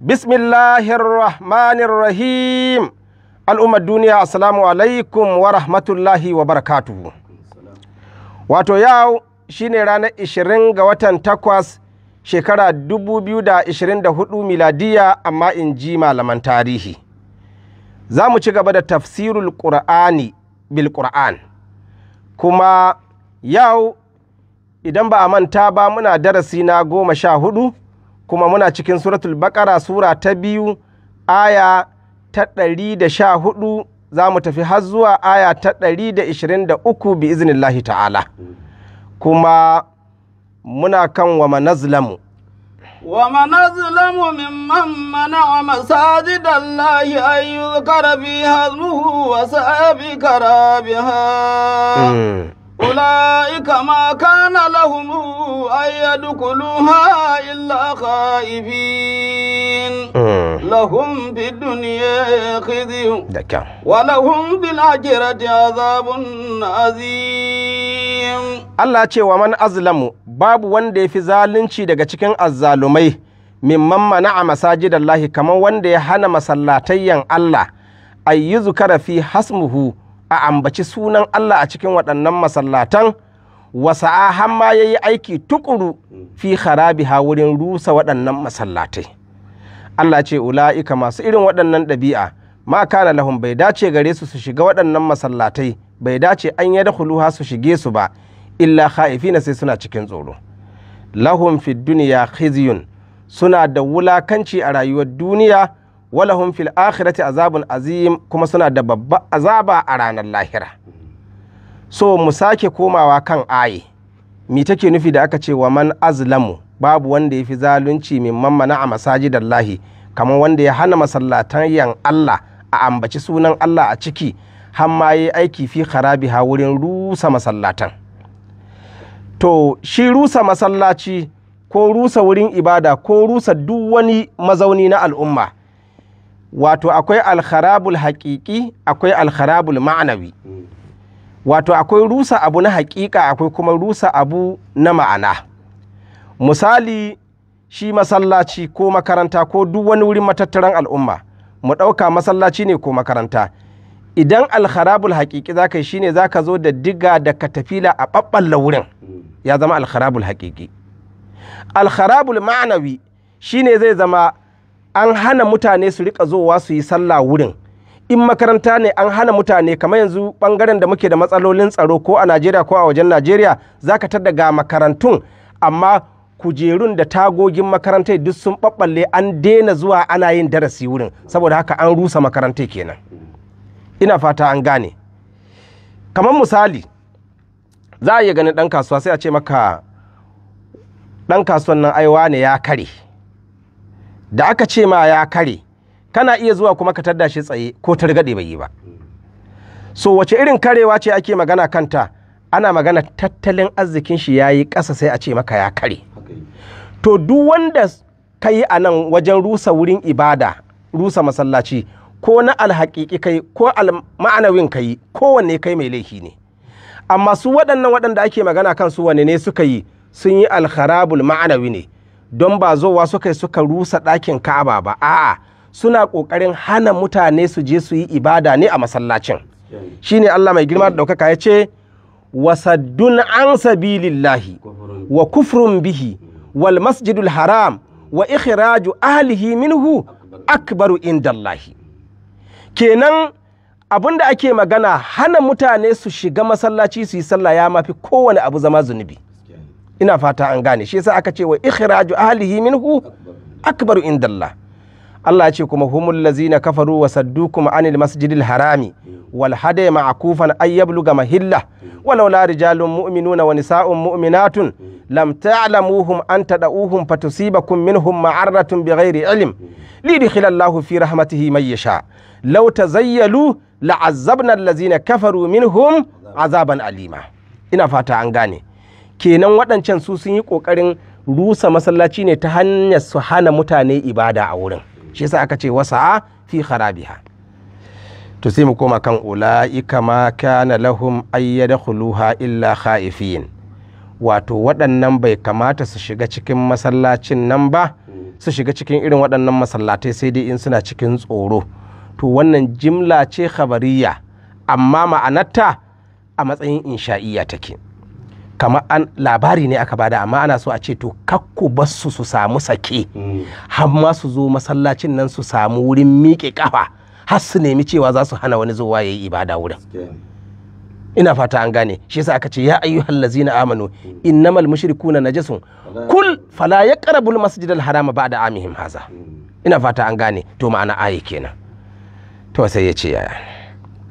bismillahir rahmanir rahim al'ummar duniya assalamu alaikum wa rahmatullahi wa barakatuhu wato yau shine ranar 20 ga watan takwas shekara 2024 miladiya amma in ji malaman tarihi za mu ci gaba da tafsirul qur'ani bil qur'an kuma yau idan ba a manta ba muna darasi na goma sha hudu kuma muna cikin suratul bakara sura ta biyu aya ta ɗari da sha hudu za mu tafi har zuwa aya ta ɗari da ishirin da uku bi iznillahi ta'ala kuma muna kan wa manazlamu ومن أظلم ممن منع مساجد الله أن يذكر فيها اسمه bi بكرابها أولئك ما كان لهم أن يدخلوها إلا خائفين hmm. لهم في الدنيا خزي ولهم في الآخرة عذاب عظيم الله ce wa man azlamu babu wanda ya fi zalunci daga cikin azzalumai mimman mana'a masajidallahi kamar wanda ya hana masallatayyan Allah ayyuzukara fi hasmuhu a ambaci sunan Allah a cikin waɗannan masallatan wasa'a hamma ya yi aiki tukuru fi harabi ha wurin rusa waɗannan masallatai Allah ce ula'ika masu irin waɗannan ɗabi'a ma kana Lahun. bai dace gare su su shiga waɗannan masallatai bai dace an yi dakhuluha su shige su ba illa na sai suna cikin tsoro lahum fid duniya khizyun suna da wulakanci a rayuwar duniya walahum fil akhirati azabun azim kuma suna da babba azaba a ranar lahira so mu sake komawa kan aye mi take nufi da aka ce wa man azlamu babu wanda ya fi zalunci min mamana a masajidan lahi kamar wanda ya hana masallatan yan Allah a ambaci sunan Allah a ciki har ma yi aiki fi ha wurin rusa masallatan to shi rusa masallaci ko rusa wurin ibada ko rusa duk wani mazauni na al'umma wato akwai alharabul haƙiƙi akwai alharabul ma'anawi wato akwai rusa abu na haƙiƙa akwai kuma rusa abu na ma'ana misali shi masallaci ko makaranta ko duk wani wurin matattaran al'umma mu ɗauka masallaci ne ko makaranta idan alharabul haƙiƙi za ka yi shine za ka zo da diga da katafila a ɓaɓɓalla wurin ya zama alharabul haƙiƙi alharabul ma'anawi shine zai zama an hana mutane su rika zowa su yi sallah wurin in makaranta ne an hana mutane kamar yanzu ɓangaren da muke da matsalolin tsaro ko a najeriya ko a wajen najeriya zaka tar daga makarantun amma kujerun da tagogin makarantai duk sun ɓaɓɓalle an daina zuwa ana yin darasi wurin saboda haka an rusa makarantai kenan ina fata an gane kamar misali za a iya ganin ɗan kasuwa sai a ce maka ɗan kasuwan nan aiwa ne ya kare da aka ce ma ya kare kana iya zuwa kuma ka tadda shi tsaye ko targaɗe bai yi ba so wace irin karewa ce ake magana kanta ana magana tattalin arzikin shi ya yi ƙasa sai a ce maka ya kare to duk wanda ka yi a nan wajen rusa wurin ibada rusa masallaci ko na alhaƙiƙi kai ko ma'anawin ka yi kowanne kai mai laifi ne amma su waɗannan waɗanda ake magana kan su wane ne suka yi sun yi alharabul ma'anawi ne don ba zowa suka suka rusa ɗakin ka'aba ba a'a suna ƙoƙarin hana mutane su je su yi ibada ne a masallacin shine Allah mai girma da ɗaukaka ya ce wasaddun an sabilillahi wa kufrun bihi wal masjidul haram wa ikhraju ahlihi minhu akbaru indallahi kenan abin da ake magana hana mutane su shiga masallaci su yi sallah ya mafi kowane abu zama zunubi ina fata an gane shi yasa aka ce wa ikhraju ahlihi minhu akbaru indallah Allah ya ce kuma humul lazina kafaru wa saddukum anil masjidil harami wal hada ma'kufan ay yabluga mahilla walau la rijalun mu'minuna wa nisa'un mu'minatun lam ta'lamuhum an tad'uhum fatusibakum minhum ma'arratun bighairi ilm lidkhilallahu fi rahmatihi man yasha law tazayyalu la'azzabna allazina kafaru minhum azaban alima ina fata an gane kenan waɗancan su sun yi ƙoƙarin rusa masallaci ne ta hanyar su hana mutane ibada a wurin shi yasa aka ce a fi harabiha to sai mu koma kan ula'ika ma kana lahum ayyada ayyadkhuluha illa khaifin wato waɗannan bai kamata su shiga cikin masallacin nan ba su shiga cikin irin waɗannan masallatai sai dai in suna cikin tsoro to wannan jimla ce khabariya amma ma'anarta a matsayin insha'iyya take kamar an labari ne aka bada amma ana so a ce to kakku basu su samu sake mm. har ma su zo masallacin nan su samu wurin miƙe kafa har su nemi cewa za su hana wani zuwa ya yi ibada wurin ina fata an gane shi yasa aka ce ya ayyuhal ladzina amanu mm. innamal mushrikuna najasun kul fala yaqrabul masjidal harama ba'da amihim haza mm. ina fata an gane to ma'ana ayi kenan to sai ya ce ya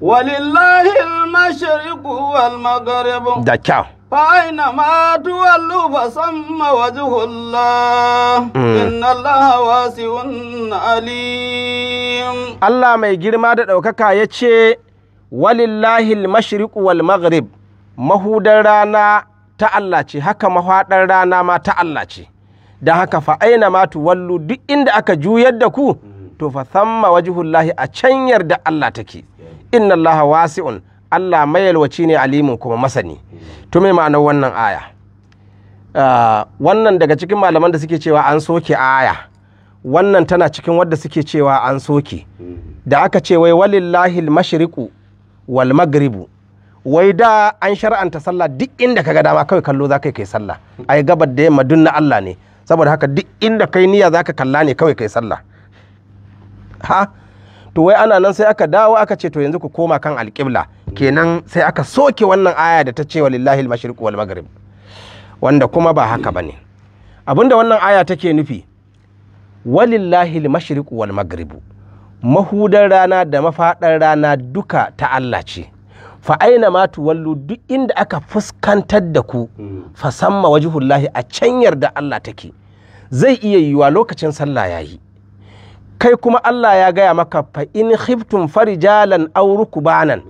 walillahi al-mashriqu wal maghrib da kyau فأينما تولوا فثم وجه الله إن الله واسع عليم الله ما يجرم هذا ɗaukaka ya ce walillahi al-mashriq wal maghrib mahudar rana ta Allah ce haka mahaɗar rana ma ta Allah ce don haka fa aina ma tuwallu duk inda aka juyar da ku to fa thamma wajhullahi a can yarda Allah take inna Allah wasi'un Allah mayalwaci ne alimin kuma masani to me ma'anar wannan aya ah, wannan daga cikin malaman da suke cewa an soke aya wannan tana cikin wadda suke cewa an soke da aka ce wai walillahi mashriqu wal magribu wai da an shar'anta sallah duk inda ka ga dama kawai kallo za ka kai sallah ai gabar da yamma dunna Allah ne saboda haka duk inda kai niyya za ka kalla ne kawai kai sallah ha to wai ana nan sai aka dawo aka ce to yanzu ku koma kan alƙibla kenan sai aka soke wannan aya da ta ce wa lillahi al-mashriq wal maghrib wanda kuma ba haka bane abinda wannan aya take nufi walillahi al-mashriq wal maghrib Mahudan rana da mafadan rana duka ta Allah ce fa aina ma tuwallu duk inda aka fuskantar da ku fa samma wajhullahi a can yarda Allah take zai iya yiwa lokacin sallah yayi kai kuma Allah ya gaya maka fa in khiftum farijalan aw rukbanan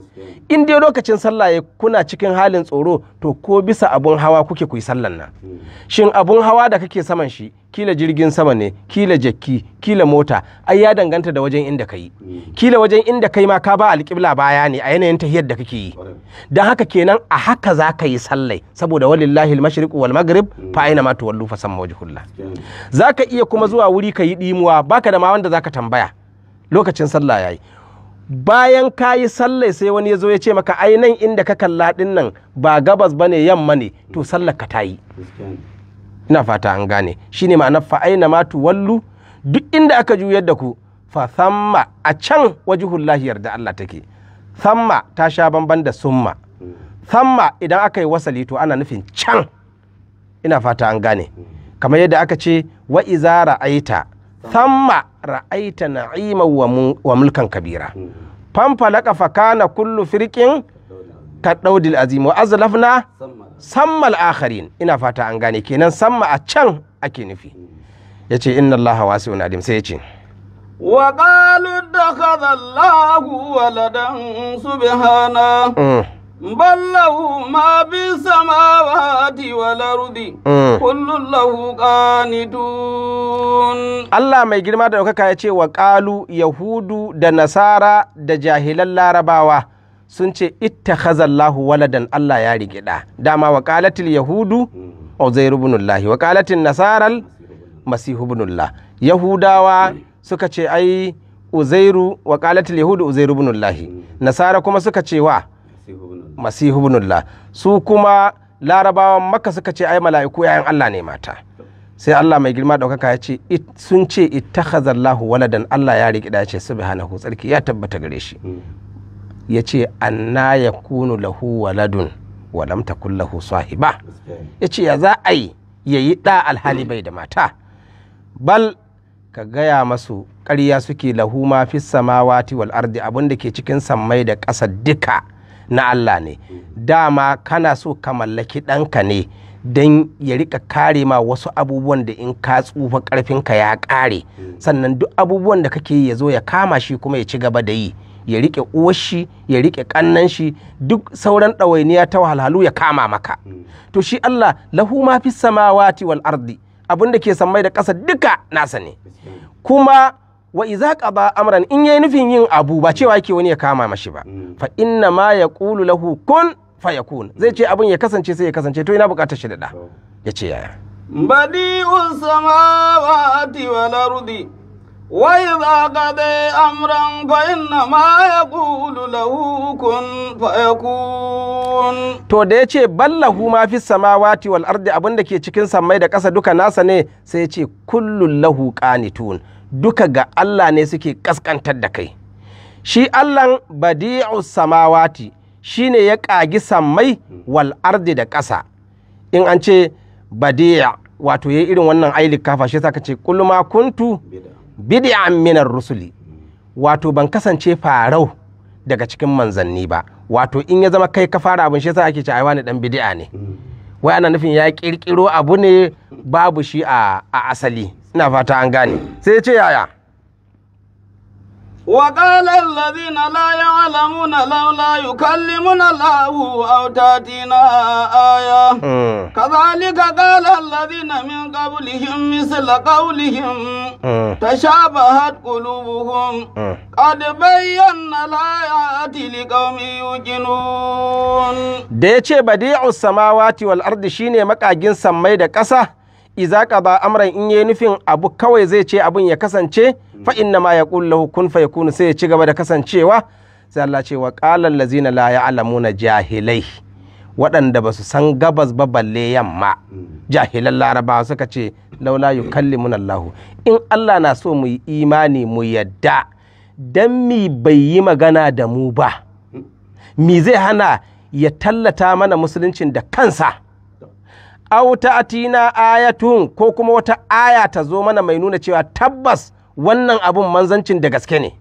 in dai lokacin sallah ya kuna cikin halin tsoro to ko bisa abun hawa kuke kuyi sallan nan hmm. shin abun hawa da kake saman shi kila jirgin sama ne kila jaki, kila mota ai ya danganta da wajen inda kai hmm. kila wajen inda kai ma ka ba alƙibla baya ne a yanayin tahiyar da kake yi dan haka kenan a haka za ka yi sallai saboda walillahi al-mashriq wal maghrib hmm. fa aina ma tuwallu fa samma wajhullah hmm. zaka iya kuma zuwa wuri ka yi dimuwa baka da ma wanda zaka tambaya lokacin sallah yayi bayan ka yi sallai sai wani ya zo ya ce maka ai nan inda ka kalla din nan ba gabas bane yamma ne to sallar ka ta yi ina fata an gane shi shine ma'anar fa'aina matu wallu duk inda aka juyar da ku fa samma a can wajihullahi yarda Allah take samma ta sha bamban da summa samma idan aka yi wasali to ana nufin can ina fata an gane kamar yadda aka ce wa iza ra'aita samma ra'aita na'ima wa mulkan kabira fanfalaka fakana kullu firqin ka daudil azim wa azlafna sammal akharin ina fata an gane kenan samma a can ake nufi ce inna allaha wasi'un alim sai yace wa qalu dakhadha allahu waladan subhana mm. bal lahu ma bi samawati wal ardi mm. kullun lahu qanitun Allah mai girma da daukaka yace wa qalu yahudu da nasara da jahilan larabawa sun ce ittakhazallahu waladan Allah ya rige da dama wakalatil yahudu hmm. uzair ibn Allah wakalatin nasaral masihu ibn Allah yahudawa suka ce ai uzairu wakalatil yahudu uzairu ibn Allah hmm. nasara kuma suka ce wa masihu ibn Allah su kuma larabawan makka suka ce ai mala'iku yayan Allah ne mata sai Allah mai girma daukaka ya ce sun ce ittakhazallahu waladan Allah ya riƙi da ya ce subhanahu tsarki ya tabbata gare shi hmm. ya ce anna ya kunu lahu waladun walam takun lahu sahiba ya ce ya za a yi ya yi ɗa alhali bai da mata bal ka gaya masu ƙarya suke lahu ma fi samawati wal ardi abin da ke cikin sammai da ƙasa duka na Allah ne dama kana so ka mallaki ɗanka ne don ya rika kare ma wasu abubuwan da in ka tsufa ƙarfinka ya ƙare hmm. sannan duk abubuwan da kake yi ya zo ya kama shi kuma ya ci gaba da yi ya rike uwashi ya riƙe kannan shi duk sauran ɗawainiya ta wahalhalu ya kama maka mm. to shi Allah lahu ma fi samawati wal ardi abin da ke sammai da ƙasa duka nasa ne kuma wa iza qada amran in yayi nufin yin abu ba cewa yake wani ya kama mashi ba mm. fa inna ma yaqulu lahu kun fayakun zai ce abin ya kasance sai ya kasance to ina bukatar shi da ya ce yaya badi'us samawati wal ardi وإذا قضي أمرا فإنما يقول له كن فيكون to da yace ballahu ma fi samawati wal ardi abinda ke cikin sammai da ƙasa duka nasa ne sai yace kullun lahu qanitun duka ga Allah ne suke kaskantar da kai shi Allahn badi'u samawati shine ya ƙagi sammai wal ardi da ƙasa in an ce badi'a wato yayi irin wannan ailik kafa shi saka ce kulma kuntu Bida. bid'an minar rusuli wato ban kasance farau daga cikin manzanni ba wato in ya zama kai ka fara abin shi yasa ake ce ai wani dan bid'a ne wai ana nufin ya kirkiro abu ne babu shi a asali ina fata an gane sai yace ce yaya وقال الذين لا يعلمون لولا يكلمنا الله أو تاتينا آية كذلك قال الذين من قبلهم مثل قولهم تشابهت قلوبهم قد بينا الآيات لقوم يوقنون da بديع السماوات badi'u شيني مكا جنسا ميدا makagin sammai da ƙasa iza نفين amran كوي yayi nufin abu kawai fa inna ma yaqul lahu kun fayakunu sai ya ci gaba da kasancewa sai Allah ce wa qala allazina la ya'lamuna jahilai waɗanda ba su san gabas ba balle yamma jahilan larabawa suka ce laula yukallimuna Allah in Allah na so mu yi imani mu yadda dan mi bai yi magana da mu ba mi zai hana ya tallata mana musuluncin da kansa aw Aya ayatun ko kuma wata aya ta zo mana mai nuna cewa tabbas wannan abun manzancin da gaske ne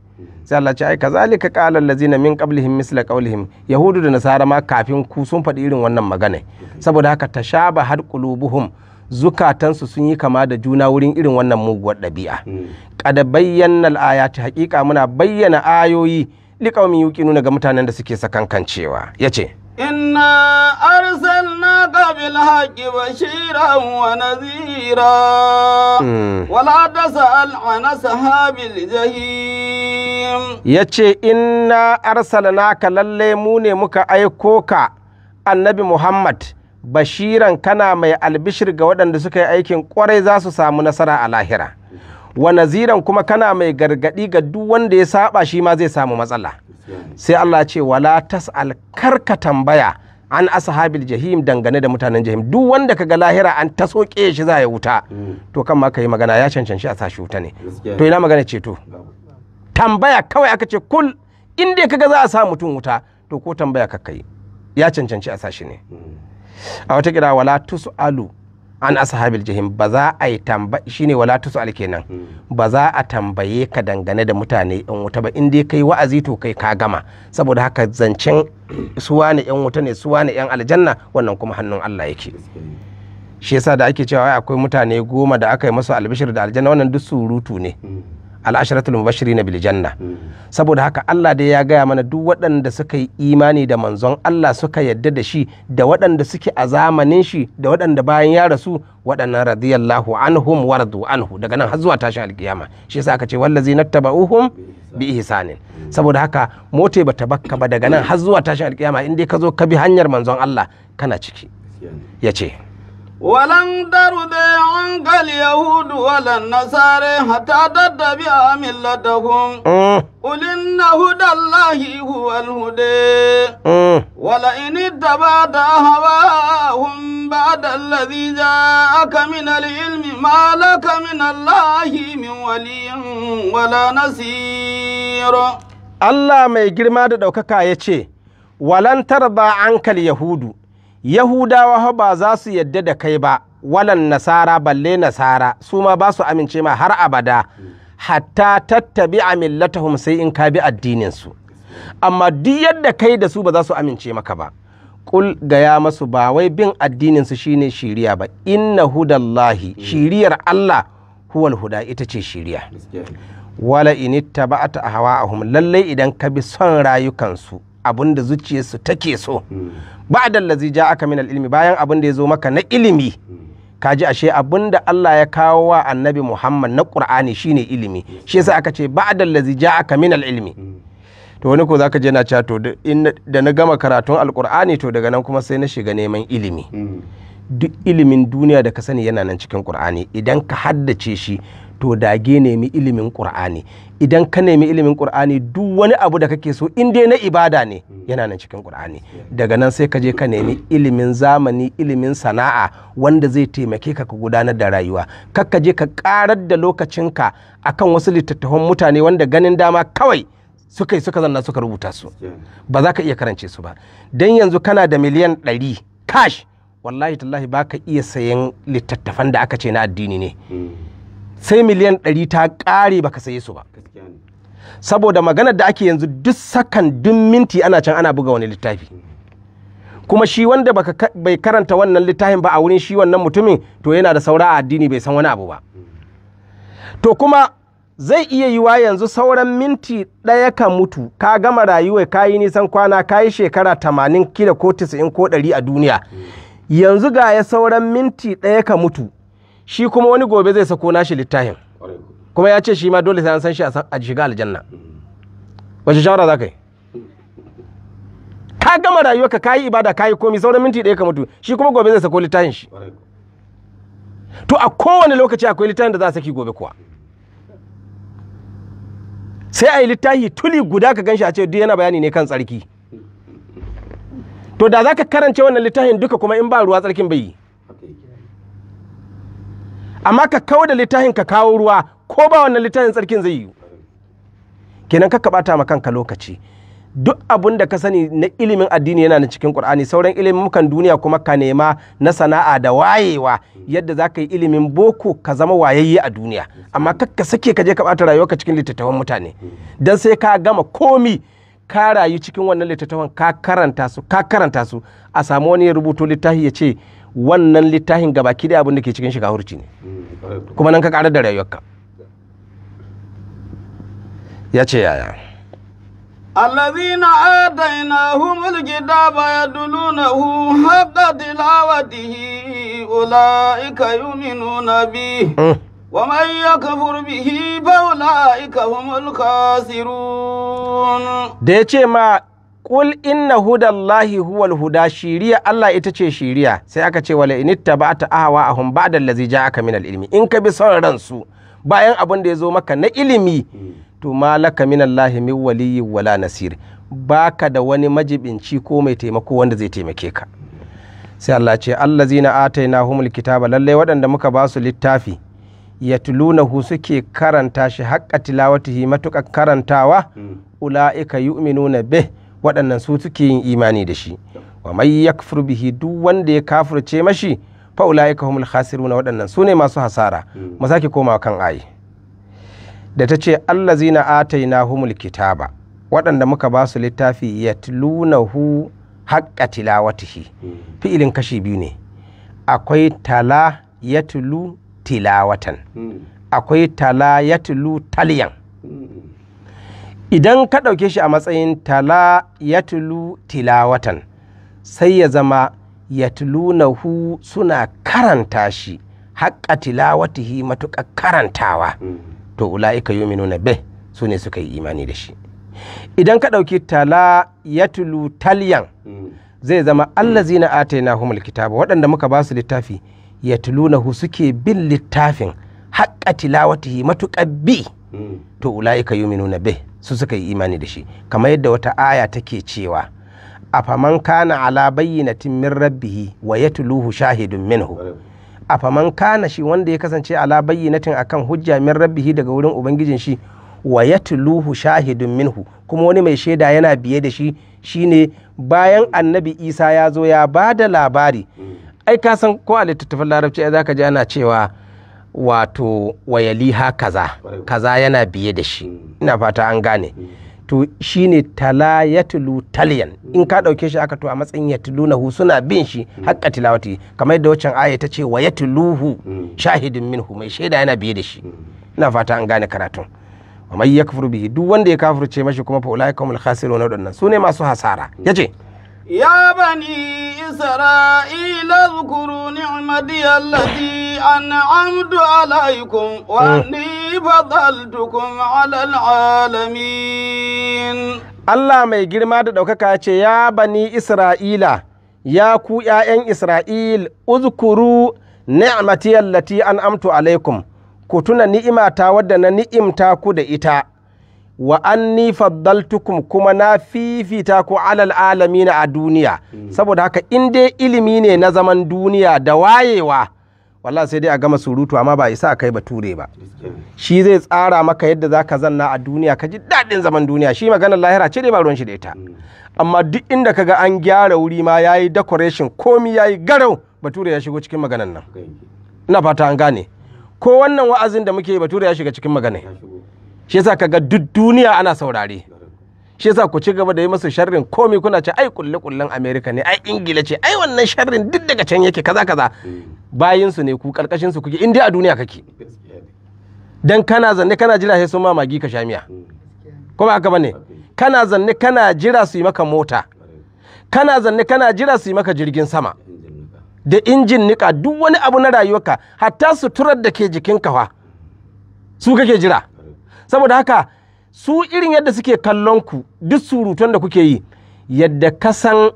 sai Allah ce ai kazalika qala allazina min qablihim misla qawlihim yahudu da nasara ma kafin ku sun faɗi irin wannan magana saboda haka tashaba har qulubuhum zukatansu sun yi kama da juna wurin irin wannan muguwar ɗabi'a kada hmm. bayyana al'ayati haqiqa muna bayyana ayoyi liƙaumin yuqinu ga mutanen da suke sakankancewa yace إنا أرسلناك بالحق بشيرا ونذيرا ولا تسأل عن أصحاب الجحيم يتشي إنا أرسلناك للي مكا أيكوكا النبي محمد بشيرا kana mai albishir ga waɗanda أيكين yi aikin ƙwarai za su samu wa naziran kuma kana mai gargadi ga duk wanda ya saba shi ma zai samu matsala sai Allah ce wala tas'al karka tambaya an ashabil jahim dangane da mutanen jahim duk wanda ka ga lahira an ta soke shi za ya wuta to kan ma yi magana ya cancanci a sashi wuta ne to ina magana ce to tambaya kawai aka ce kul in dai kaga za a sa mutum wuta to ko tambaya ka kai ya cancanci a sashi ne a wata kira wala tusalu an ashabil jahim ba za a yi tamba shine wala tusal kenan hmm. ba za a tambaye ka dangane da mutane yan wuta ba in dai kai wa'azi to kai ka gama saboda haka zancen suwa ne yan wuta ne suwa ne yan aljanna wannan kuma hannun Allah yake shi yasa da ake cewa akwai mutane goma da aka yi masu albishir da aljanna wannan duk surutu ne hmm. al'asharatul mubashirina bil janna hmm. saboda haka Allah dai ya gaya mana duk waɗanda suka yi imani da manzon Allah suka yadda da shi da waɗanda suke a zamanin shi da waɗanda bayan ya rasu waɗannan radiyallahu anhum waradu anhu daga nan har zuwa tashi alkiyama shi yasa aka ce wallazi nattaba'uhum bi ihsanin hmm. saboda haka mota bata bakka ba daga nan har zuwa tashi alkiyama in dai ka zo ka bi hanyar manzon Allah kana ciki yace ولم ترد عنك اليهود ولا النصارى حتى تتبع ملتهم قل إن هدى الله هو الهدى ولئن اتبعت أهواهم بعد الذي جاءك من العلم ما لك من الله من ولي ولا نصير الله ما يجرم هذا دوكاكا يتشي ولن ترضى عنك اليهود yahudawa ba za su yadda da kai ba walan nasara balle nasara su ma ba su amince ma har abada hatta tattabi a millatahum sai in ka bi addininsu amma duk yadda kai da su ba za su amince maka ba kul gaya masu ba wai bin addininsu shine shiriya ba inna hudallahi hmm. shiriyar Allah huwal huda ita ce shiriya wala in a ahwa'ahum lallai idan ka bi son rayukansu abin da zuciyarsu take so hmm. ba da lazi ja aka min ilmi bayan abin da ya zo maka na ilimi hmm. ka ji ashe abin da Allah ya kawo wa annabi Muhammad na Qur'ani shine ilimi hmm. shi yasa aka ce ba da lazi ja aka min ilmi to wani ko zaka je na cewa to da na gama karatun alqur'ani to daga nan kuma sai na shiga neman ilimi duk ilimin duniya da ka sani yana nan cikin qur'ani idan ka haddace shi to dage nemi ilimin qur'ani idan ka nemi ilimin qur'ani duk wani abu da kake so in dai na ibada ne yana nan cikin qur'ani daga nan sai ka je ka nemi ilimin zamani ilimin sana'a wanda zai taimake ka ka gudanar da rayuwa kar ka je ka karar da lokacinka akan wasu littattafan mutane wanda ganin dama kawai suka yi suka zanna suka rubuta su ba za ka iya karance su ba dan yanzu kana da miliyan ɗari cash wallahi tallahi ba ka iya sayan littattafan da aka ce na addini ne sai miliyan ɗari ta ƙare baka saye su ba saboda magana da ake yanzu duk sakan duk minti ana can ana buga wani littafi kuma shi wanda bai karanta wannan littafin ba a wurin shi wannan mutumin to yana da saura a addini bai san wani abu ba to kuma zai iya yiwa yanzu sauran minti ɗaya ka mutu ka gama rayuwa ka yi nisan kwana ka yi shekara tamanin kila ko tisa'in ko ɗari a duniya mm. yanzu ga ya sauran minti ɗaya ka mutu shi kuma wani gobe zai sako nashi littafin kuma ya ce shi ma dole sai an san shi a shiga aljanna wace shawara za ka yi ka gama rayuwa ka yi ibada ka yi komi sauran minti ɗaya ka mutu shi kuma gobe zai sako littafin shi to a kowane lokaci akwai littafin da za a saki gobe kuwa sai a yi littafi tuli guda ka ganshi a ce duk yana bayani ne kan tsarki to da za ka karance wannan littafin duka kuma in ba ruwa tsarkin bai yi amma ka kawo da littafin ka kawo ruwa ko ba wannan littafin tsarkin zai yi kenan ka bata ma kanka lokaci duk abun da ka sani na ilimin addini yana na cikin qur'ani sauran ilimin duniya kuma ka nema na sana'a da wayewa yadda za ka yi ilimin boko ka zama wayayye a duniya amma ka sake ka je ka bata rayuwa cikin littattafan mutane dan sai ka gama komi ka rayu cikin wannan littattafan ka karanta su ka karanta su a samu wani ya rubuto littafi ya ce wannan littafin gaba ki abin da ke cikin shiga hurci ne kuma nan ka karar da rayuwarka ya ce yaya allazina adaina humul gida ba ya duluna hu haka tilawatihi ula'ika yuminu na bi mm. wa man ya bihi ba ula'ika humul kasirun da ya ce ma Kul inna hudallahi huwal huda shiriya Allah ita ce shiriya sai aka ce wala initta ta ahawa ahum ba'da allazi ja'aka min ilmi in ka bi son ransu bayan abin da ya zo maka na ilimi to malaka min Allahi min waliyyi wala nasir baka da wani majibinci ko mai taimako wanda zai taimake ka sai Allah ce allazina humul kitaba lalle waɗanda muka ba su littafi yatlunahu suke karanta shi haqqa tilawatihi matuka karantawa hmm. ula'ika yu'minuna bih waɗannan su suke yin imani da shi wa mai yakfur bihi duk wanda ya kafirce mashi fa'ula ya ulaika humul na waɗannan su ne masu hasara mu sake koma kan ayi da ta ce na humul kitaba waɗanda muka ba su littafi ya hu haƙƙa tilawatihi fi'ilin kashi biyu ne akwai tala ya tilu tilawatan hmm. akwai tala ya tilu taliyan idan ka ɗauke shi a matsayin tala ya tulu tilawatan sai ya zama ya tulu nahu suna karanta shi haƙa tilawatihi matuƙa karantawa to ula'ika nuna be su ne suka yi imani da shi idan ka ɗauki tala ya tulu talyan zai zama allah zina ta yi humul kitaba waɗanda muka ba su littafi ya tulu tulu-nahu suke bin littafin haƙƙa tilawatihi matuƙa bi to ula'ika yuminuna be su suka yi imani da shi kamar yadda wata aya take cewa afaman kana ala bayyinatin min rabbihi wa yatluhu shahidun minhu afaman kana shi wanda ya kasance ala bayyinatin akan hujja min rabbihi daga wurin ubangijin shi wa yatluhu shahidun minhu kuma wani mai shaida yana biye da shi shine bayan annabi isa ya zo ya ba da labari ai ka san ko a littattafan larabci ai zaka ji ana cewa wato wayaliha kaza kaza yana biye da shi hmm. ina fata an gane hmm. to shine tala ya tulu taliyan in ka hmm. ɗauke shi aka to a matsayin ya tulu na suna bin shi haƙƙa tilawati kamar da wacan aya ta ce wa ya tuluhu shahidin min hu mai shaida yana biye da shi ina fata an gane karatun wa mai ya bihi duk wanda ya kafirce mashi kuma fa ulai kamul khasirun wadannan su ne masu hasara ya ce. يا بني إسرائيل اذكروا نعمتي التي أنعمت عليكم وأني فضلتكم على العالمين Allah mai girma da ɗaukaka ce ya bani Isra'ila ya ku ’ya'yan Isra'il uzkuru ni'mati allati an amtu alaikum ku tuna ni'imata wadda na ni'imta ku da ita wa anni faddaltukum kuma na fifita ku alal alamina a duniya mm. saboda haka in dai ilimi ne na zaman duniya da wayewa wallah sai dai a gama surutu amma ba isa kai ba ture ba shi zai tsara maka yadda zaka zanna a duniya ka ji daɗin zaman duniya shi maganar lahira ce dai ba ruwan shi da ita mm. amma duk inda kaga an gyara wuri ma yayi decoration komi yayi garau bature ya shigo cikin maganar nan ina fata an gane ko wannan wa'azin da muke bature ya shiga cikin maganar shi yasa kaga duk duniya ana saurare shi yasa ku ci gaba da yi masa sharrin komai kuna ce ai kulle kullen america ne ai ingila ce ai wannan sharrin duk daga can yake kaza kaza mm. bayin su ne ku karkashin su kuke inda a duniya kake dan kana zanne kana jira sai sun mamagi ka shamiya mm. kuma haka bane kana zanne kana jira su yi maka mota kana zanne kana jira su yi maka jirgin sama da injin nika duk wani abu na rayuwarka hatta suturar da ke jikin kawa su kake jira saboda haka su irin yadda suke kallon ku duk surutan da kuke yi yadda kasan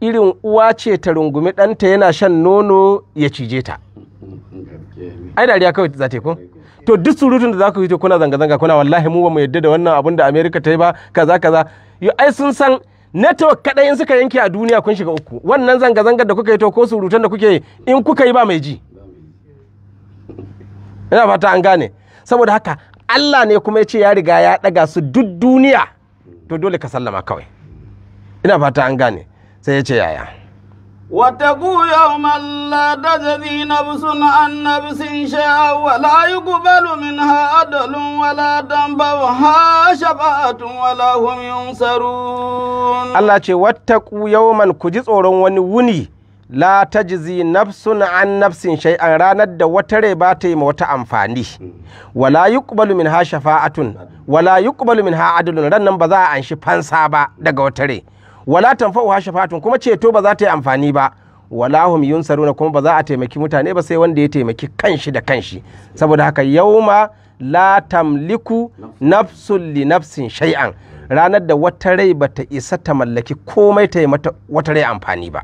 irin uwa ce ta rungumi ɗanta yana shan nono ya cije ta ai dariya kawai za ta ko to duk surutun da za ku yi to kuna zanga-zanga kuna wallahi mu ba mu yadda da wannan abun da amerika ta yi ba kaza kaza yo ai sun san network kadai in suka yanke a duniya kun shiga uku wannan zanga-zangar da kuka yi to ko surutan da kuke yi in kuka yi ba mai ji ina fata an gane saboda haka Allah ne kuma ya ce ya riga ya ɗaga su duk duniya to dole ka sallama kawai ina fata an gane sai ya ce yaya wataku yawman na tajzi nafsun an nafsin sha'a wa la yuqbalu minha adlun wa la tanfa'u ha shafa'atun wala la yin yunsarun Allah ce man ku ji tsoron wani wuni la jizi nafsun an nafsin shai'an ranar da wata rai ba ta yi ma wata amfani mm. wala yuqbalu minha shafa'atun wala yuqbalu minha adlun ran nan ba za a anshi fansa ba daga wata rai wala tanfa'uha shafa'atun kuma ceto ba za ta yi amfani ba wala hum yunsaruna kuma ba za a taimaki mutane ba sai wanda ya taimaki kanshi da kanshi saboda haka yauma la tamliku nafsun li nafsin shay'an ranar da wata rai ba ta isa ta mallaki komai ta yi wata rai amfani ba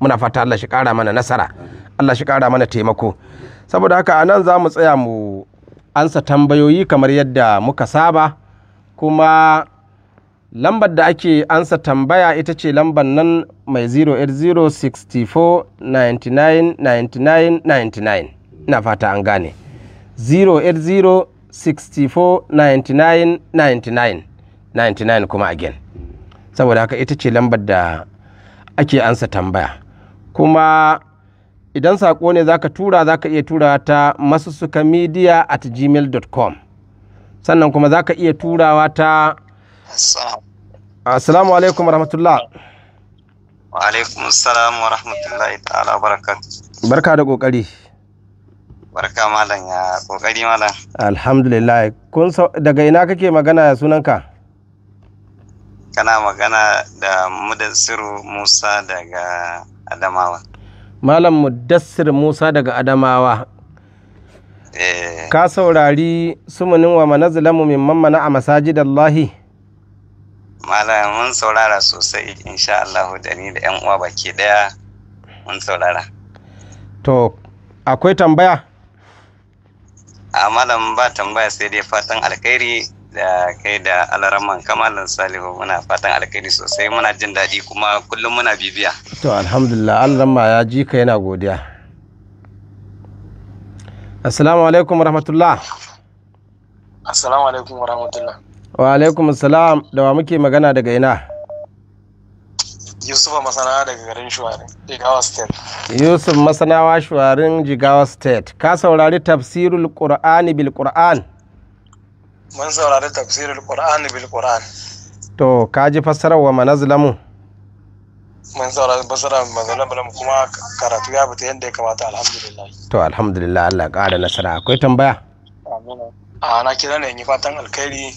muna fata Allah shi kara mana nasara Allah shi kara mana taimako saboda haka a nan za mu tsaya mu ansa tambayoyi kamar yadda muka saba kuma lambar da ake ansa tambaya ita ce lambar nan mai 08064999999 ina fata an gane 08064999999 kuma again saboda haka ita ce lambar da ake ansa tambaya kuma idan saƙo ne za ka tura za ka iya tura ta masussuka media at gmail.com sannan kuma za ka iya turawa ta assalamu alaikum rahmatullah wa alaikum assalam wa rahmatullahi ta'ala barakatuh barka da kokari barka malam ya kokari malam alhamdulillah kun daga ina kake magana ya sunanka kana magana da mudassiru musa daga Adamawa. Malam Muddassir Musa daga Adamawa. Eh. Ka saurari sumunin wa manazalamu min mammana a Allahi. Malam mun saurara sosai insha Allah da ni da 'yan uwa baki daya mun saurara. To, akwai tambaya? A malam ba tambaya sai dai fatan alkhairi da kai da alaraman kamalin salihu muna fatan alkhairi sosai muna jin daɗi kuma kullum muna bibiya to alhamdulillah alarama ya ji ka yana godiya assalamu alaikum wa rahmatullah assalamu alaikum wa rahmatullah wa alaikum assalam da wa muke magana daga ina yusuf masanawa daga garin shuwarin jigawa state yusuf masanawa shuwarin jigawa state ka saurari tafsirul qur'ani bil qur'an mun saurari tafsirin qur'ani bil qur'an to ka ji fassarar wa manazlamu mun saurari fassarar manazlamu kuma karatu ya fita yadda ya kamata alhamdulillah to alhamdulillah Allah ƙara nasara akwai tambaya a na kira ne yi fatan alkhairi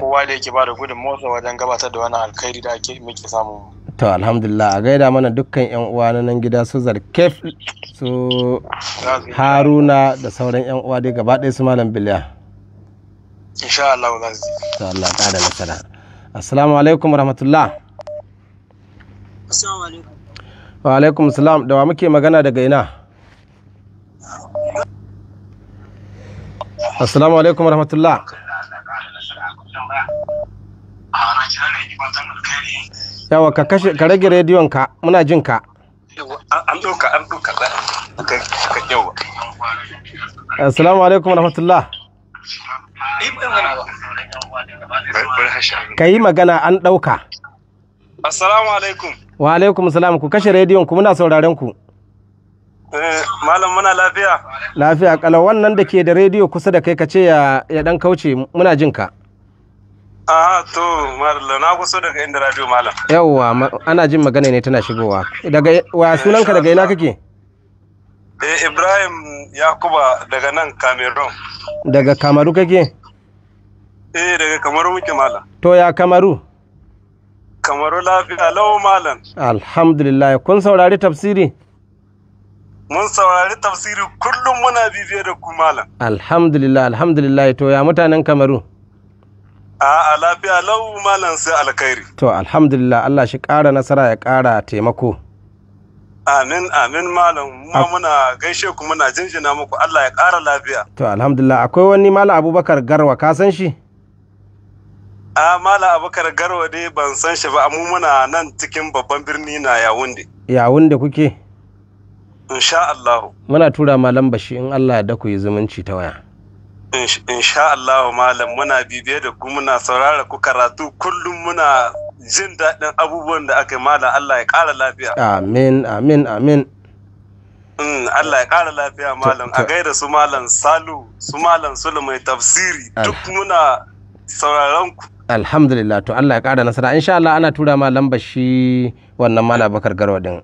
kowa da yake ba da gudun motsa wajen gabatar da wani alkhairi da ake muke samu to alhamdulillah a gaida mana dukkan yan uwa na nan gida su zarkef su haruna da sauran yan uwa dai gaba ɗaya su malam biliya insha Allah za su Allah nasara assalamu alaikum rahmatullah assalamu alaikum wa alaikum salam da wa muke magana daga ina assalamu alaikum rahmatullah yawa ka kashe ka rage rediyon ka muna jin ka an ɗauka an ɗauka ka yawa assalamu alaikum rahmatullah Ka yi magana an ɗauka. Assalamu alaikum. Wa alaikum salam ku kashe rediyon ku muna sauraren ku. Eh, malam muna lafiya. Lafiya kala wannan da ke da rediyo kusa da kai ka ce ya ɗan kauce muna jin ka. Ah to Marla na kusa daga inda radio malam. Yawwa ana jin magana ne tana shigowa. Daga wa sunanka daga ina kake? Eh Ibrahim Yakuba daga nan Cameroon. Daga Kamaru kake? Eh daga Kamaru muke malam. To ya Kamaru? Kamaru lafiya lau malam. Alhamdulillah kun saurari tafsiri? Mun saurari tafsiri kullum muna bibiye da ku malam. Alhamdulillah alhamdulillah to ya mutanen Kamaru? A'a lafiya lau malam sai alkhairi. To alhamdulillah Allah shi ƙara nasara ya ƙara taimako. Amin amin malam ma muna gaishe ku muna jinjina muku Allah ya ƙara lafiya. To alhamdulillah akwai wani malam Abubakar Garwa ka san shi? a mala abokar garwa dai ban san shi ba amma muna nan cikin babban birni na yawunde yawunde kuke insha Allah muna tura malam bashi in Allah ya ku yi zumunci ta waya insha Allah malam muna bibiye da ku muna saurara ku karatu kullum muna jin daɗin abubuwan da aka yi malam Allah ya ƙara lafiya amin amin amin mm, Allah ya ƙara lafiya malam a gaida su malam salu su malam sulu mai tafsiri duk muna sauraron ku alhamdulillah to Allah ya kara nasara insha Allah ana tura ma lambar shi wannan mala bakar garwa din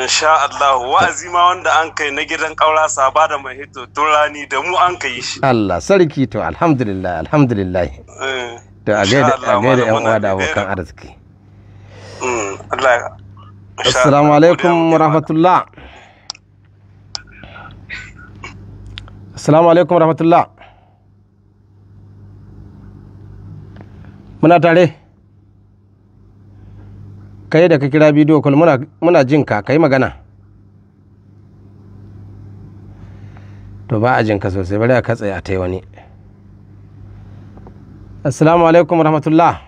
insha Allah wa'azi ma wanda an kai na gidan ƙaura saba da mai hito turani da mu an kai shi Allah sarki to alhamdulillah alhamdulillah to a gaida a gaida yan da abokan arziki mm, Allah assalamu alaikum wa rahmatullah assalamu alaikum wa rahmatullah muna tare kai da ka kira bidiyo kul muna jin ka kai magana to ba a jin ka sosai bari a katsaye a tai wani assalamu alaikum rahmatullah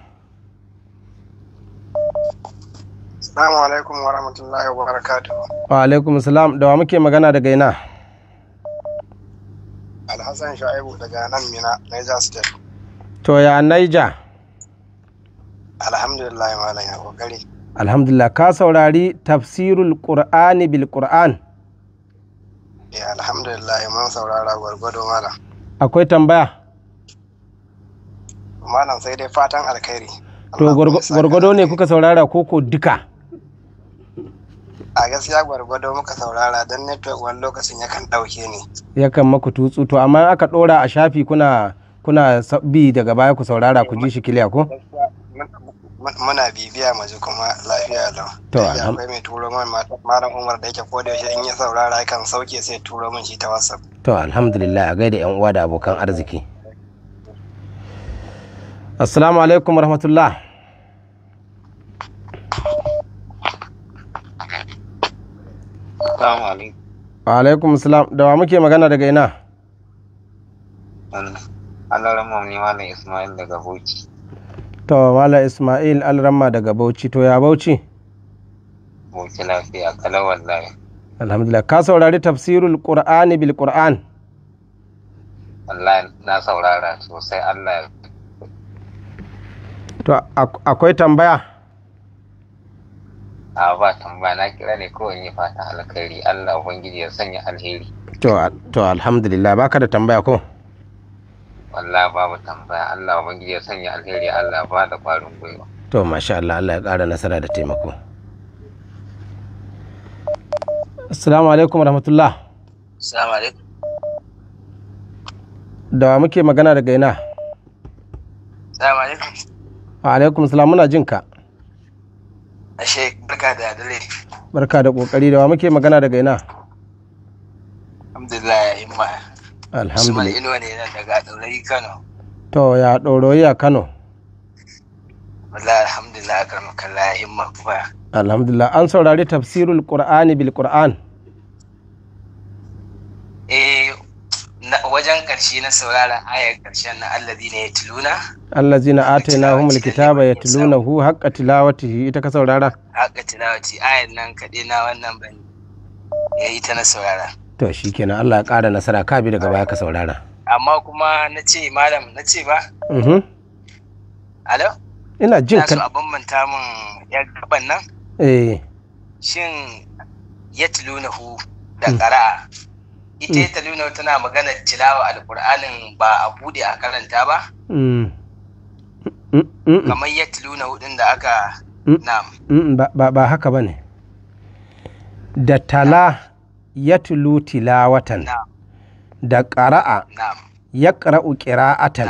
assalamu alaikum wa rahmatullahi wa barakatuhu wa alaikum salam da wa muke magana daga ina alhassan shu'aibu daga nan mina niger state to ya Niger? Alhamdulillah malam ya kokari. Alhamdulillah ka saurari tafsirul Qur'ani bil Qur'an. Ya eh, alhamdulillah mun saurara gwargwado malam. Akwai tambaya? Malam sai dai fatan alkhairi. To gwargwado ne kuka saurara koko duka? a gaskiya gwargwado muka saurara don network wani lokacin yakan ɗauke ne yakan maku tutsu to amma aka ɗora a shafi kuna kuna bi daga baya ku saurara ku ji shi kiliya ko muna bibiya maji kuma lafiya lau to akwai mai turo min malam umar da yake ko da yaushe in ya saurara kan sauke sai turo min shi ta whatsapp to alhamdulillah a gaida yan uwa da abokan arziki assalamu alaikum rahmatullah alaikum salam da wa muke magana daga ina alaran mamni malam ismail daga boki to wala ismail alramma daga bauchi to ya bauchi bauchi lafiya kalau wallahi alhamdulillah ka saurari tafsirul qur'ani bil qur'an wallahi na saurara sosai allah to akwai tambaya a ba tambaya na kira ne ko in yi fata alkhairi allah ubangiji ya sanya alheri to alhamdulillah baka da tambaya ko Allah babu tambaya Allah ubangiji ya sanya alheri Allah ba da kwarin gwiwa to masha Allah Allah ya ƙara nasara da taimako assalamu alaikum rahmatullah assalamu alaikum da muke magana daga ina assalamu alaikum wa alaikum salam muna jin ka ashe barka da dare barka da kokari da wa muke magana daga ina alhamdulillah imma Alhamdulillah. Usman ne nan daga Ɗaurayi Kano. To ya Ɗaurayi a Kano? Wallahi alhamdulillah akan makalla himma kuma. Alhamdulillah an saurari tafsirul Qur'ani bil Qur'an. Eh wajen ƙarshe na saurara ayar ƙarshen na allazi ne ya tiluna? allazi na ata na humul kitaba ya tiluna hu haƙa tilawati ita ka saurara? haƙa tilawati ayar nan kaɗai na wannan bane ya eh, ita na saurara. to shi kenan Allah ya ƙara nasara ka bi daga baya ka saurara amma kuma na ce malam na ce ba mm-hmm. alo ina jin ka a bambanta min ya gaban nan eh shin ya tilunahu da ƙara'a ita mm. ya tilunahu tana magana tilawa alƙur'anin ba a bude a karanta ba mm. Mm, kamar ya tilunahu ɗin da aka na ba haka ba ne da tala ya tulu tilawatan da ƙara'a ya ƙara'u ƙira'atan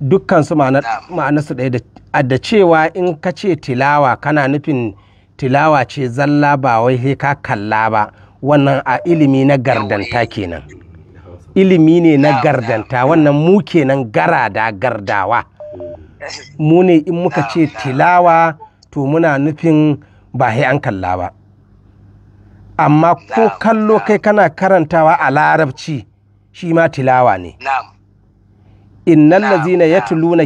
dukkansu ma'anarsu ɗaya da cewa in ka ce tilawa kana nufin tilawa ce zalla ba wai sai ka kalla ba wannan a ilimi na gardanta eh. kenan ilimi ne na gardanta wannan mu kenan gara da gardawa eh. mu ne in muka ce tilawa to muna nufin ba sai an kalla ba amma ko kallo kai kana karantawa a larabci shi ma tilawa ne innan lazina ya tuluna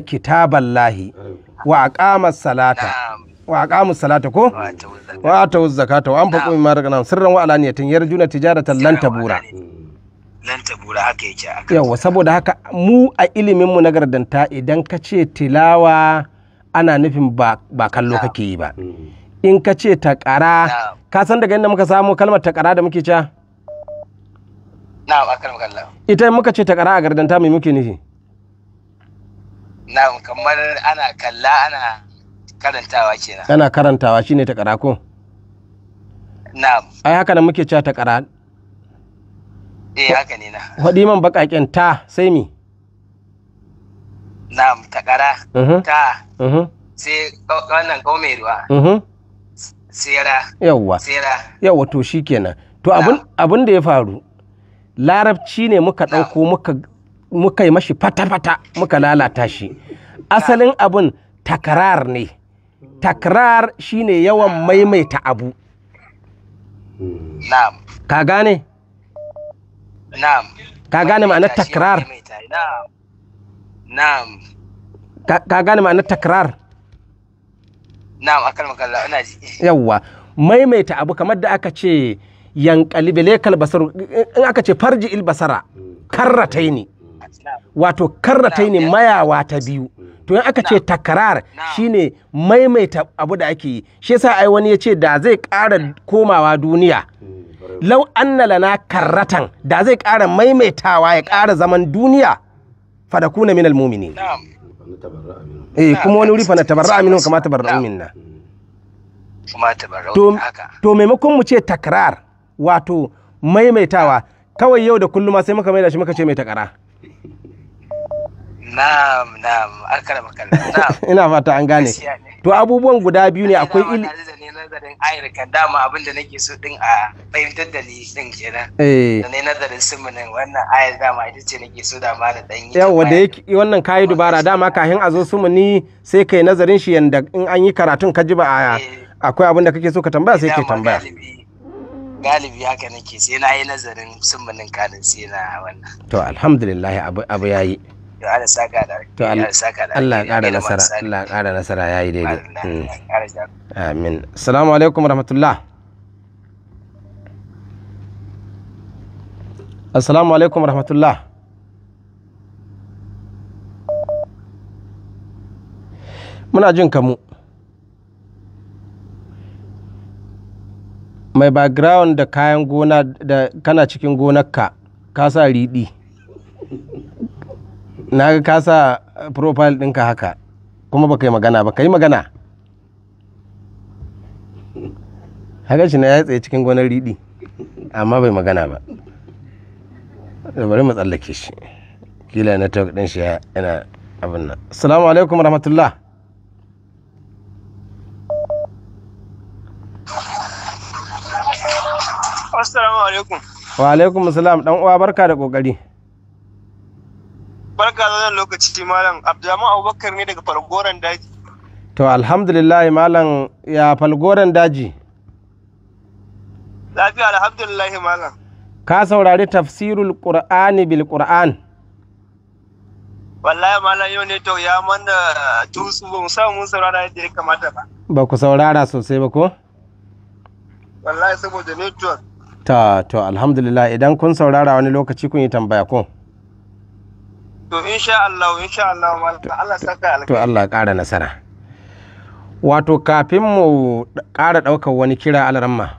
lahi wa aqama salata wa aqamu salata ko wa atu zakata wa anfaqu daga nan sirran wa yar juna tijaratan lan tabura lan tabura haka yake aka yawwa saboda haka mu a ilimin mu na gardanta idan ka ce tilawa ana nufin ba kallo kake yi ba mm. in ka ce takara ka san daga inda muka samu kalmar takara da muke cewa na'am kalmar makalla ita muka ce takara a gardanta mai muke nufi na'am kamar ana kalla ana karantawa kenan ana karantawa shine takara ko na'am ai haka nan muke cewa takara eh haka ne na hadi man bakaken ta sai mi na'am takara mhm. ta mhm. sai wannan ruwa. Mhm. sera yawwa sera yawwa to shikenan to abin da ya faru larabci ne muka ɗauko muka muka yi mashi fata-fata muka lalata shi asalin abin takrar ne takrar shine yawan maimaita abu ka gane ka gane ma'anar takrar ka gane ma'anar takrar na'am akal ina ji yawwa maimaita abu kamar da aka ce yankali bilekal basar in aka ce farji il basara karratai ne wato karratai ne mayawa ta biyu to in aka ce takarar shine maimaita abu da ake yi shi yasa ai wani ya ce da zai ƙara hmm. komawa duniya lau anna lana karratan da zai ƙara maimaitawa ya ƙara zaman duniya fadakuna minal mumini eh ah, kuma wani wuri fa na tabarra'a minhum kama tabarra'u minna kuma mm. tabarra'u haka to maimakon mu ce takrar wato maimaitawa kawai yau da kullum sai muka maida shi muka ce mai takara na'am na'am akara makalla na'am ina fata an gane to abubuwan guda biyu ne akwai ili nazarin ayarka dama abin da nake so din a fahimtar da ni din kenan eh. da ne nazarin sumunin wannan ayar dama ita ce nake so da ma da dan yi yawa da yake wannan kayi dubara dama kafin a zo sumuni sai kai nazarin shi yanda in an yi karatun ka ji ba eh. akwai abin da kake so ka tambaya sai eh, kai tambaya galibi haka nake sai na yi nazarin sumunin kanin sai na wannan to alhamdulillah abu abu yayi to Allah saka da to Allah ƙara nasara Allah hmm. ƙara nasara yayi daidai amin Salamu alaikum warahmatullah assalamu alaikum warahmatullah muna jin kamu mai background da kayan gona da kana cikin gonarka ka sa riɗi na ga ka sa eh, profile ɗinka haka kuma ba ka yi magana ba ka yi magana haka shi na ya tsaye cikin gonar riɗi amma bai magana ba da bari mu tsallake shi kila na talk ɗin shi yana abin nan assalamu alaikum rahmatullah assalamu alaikum wa alaikum assalam dan uwa barka da kokari barka da wannan lokaci malam abdulrahman abubakar ne daga falgoran daji to alhamdulillah malam ya falgoran daji lafiya alhamdulillah malam ka saurari tafsirul qur'ani bil qur'an wallahi malam yau ne to ya mana tusu ba mu samu mun saurara yadda ya kamata ba ba ku saurara sosai ba ko wallahi saboda network ta to alhamdulillah idan kun saurara wani lokaci kun yi tambaya ko To insha Allah insha Allah Allah saka nasara. Wato kafin mu ƙara ɗaukar wani kira alaramma.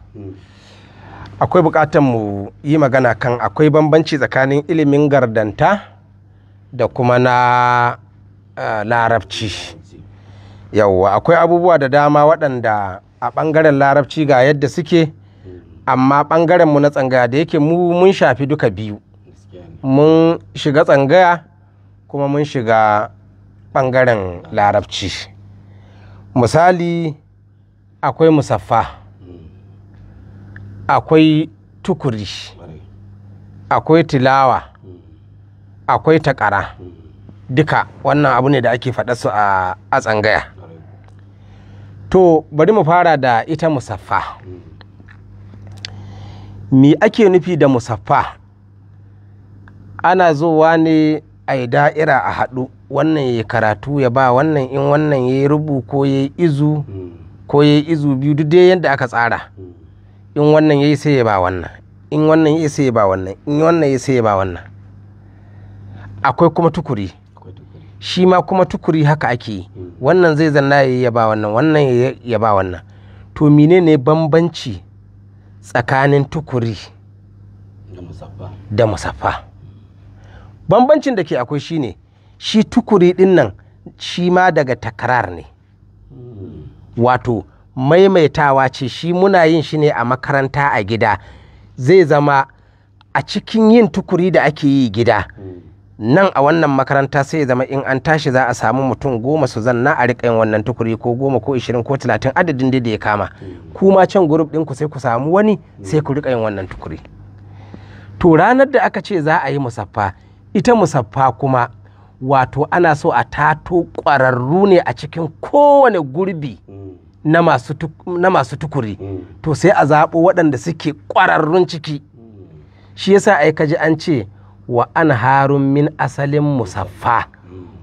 Akwai buƙatar mu yi magana kan akwai bambanci tsakanin ilimin gardanta da kuma na eh, larabci. Yawwa akwai abubuwa da dama waɗanda a ɓangaren larabci ga yadda suke amma ɓangaren mu na tsangaya da yake mu mun shafi duka biyu. mun shiga tsangaya kuma mun shiga ɓangaren larabci misali akwai musaffa akwai tukuri akwai tilawa akwai takara duka wannan abu ne da ake faɗa su a tsangaya to bari mu fara da ita musaffa me ake nufi da musaffa ana zowa ne a yi da'ira a haɗu wannan ya karatu ya ba wannan in wannan ya yi rubu ko ya yi izu hmm. ko ya izu biyu duk dai yadda aka tsara hmm. in wannan ya yi sai ya ba wannan in wannan ya yi sai ya ba wannan in wannan ya sai ya ba wannan akwai kuma tukuri shi ma kuma tukuri haka ake yi hmm. wannan zai zanna ya yi ya ba wannan wannan ya ba wannan to mine ne bambanci tsakanin tukuri da musaffa bambancin da ke akwai shine shi tukuri din nan shi ma daga takarar ne wato maimaitawa ce shi muna yin shi ne a makaranta a gida zai zama a cikin yin tukuri da ake yi gida nan a wannan makaranta sai zama in an tashi za a samu mutum goma su zanna a riƙa yin wannan tukuri ko goma ko ishirin ko talatin adadin da ya kama kuma can gurub ɗinku sai ku samu wani sai ku riƙa yin wannan tukuri to ranar da aka ce za a yi musaffa ita musaffa kuma wato ana so a tato ƙwararru ne a cikin kowane gurbi mm. na masu tukuri mm. to sai a zaɓo waɗanda suke ƙwararrun ciki mm. shi yasa ai kaji an ce wa an harun min asalin musaffa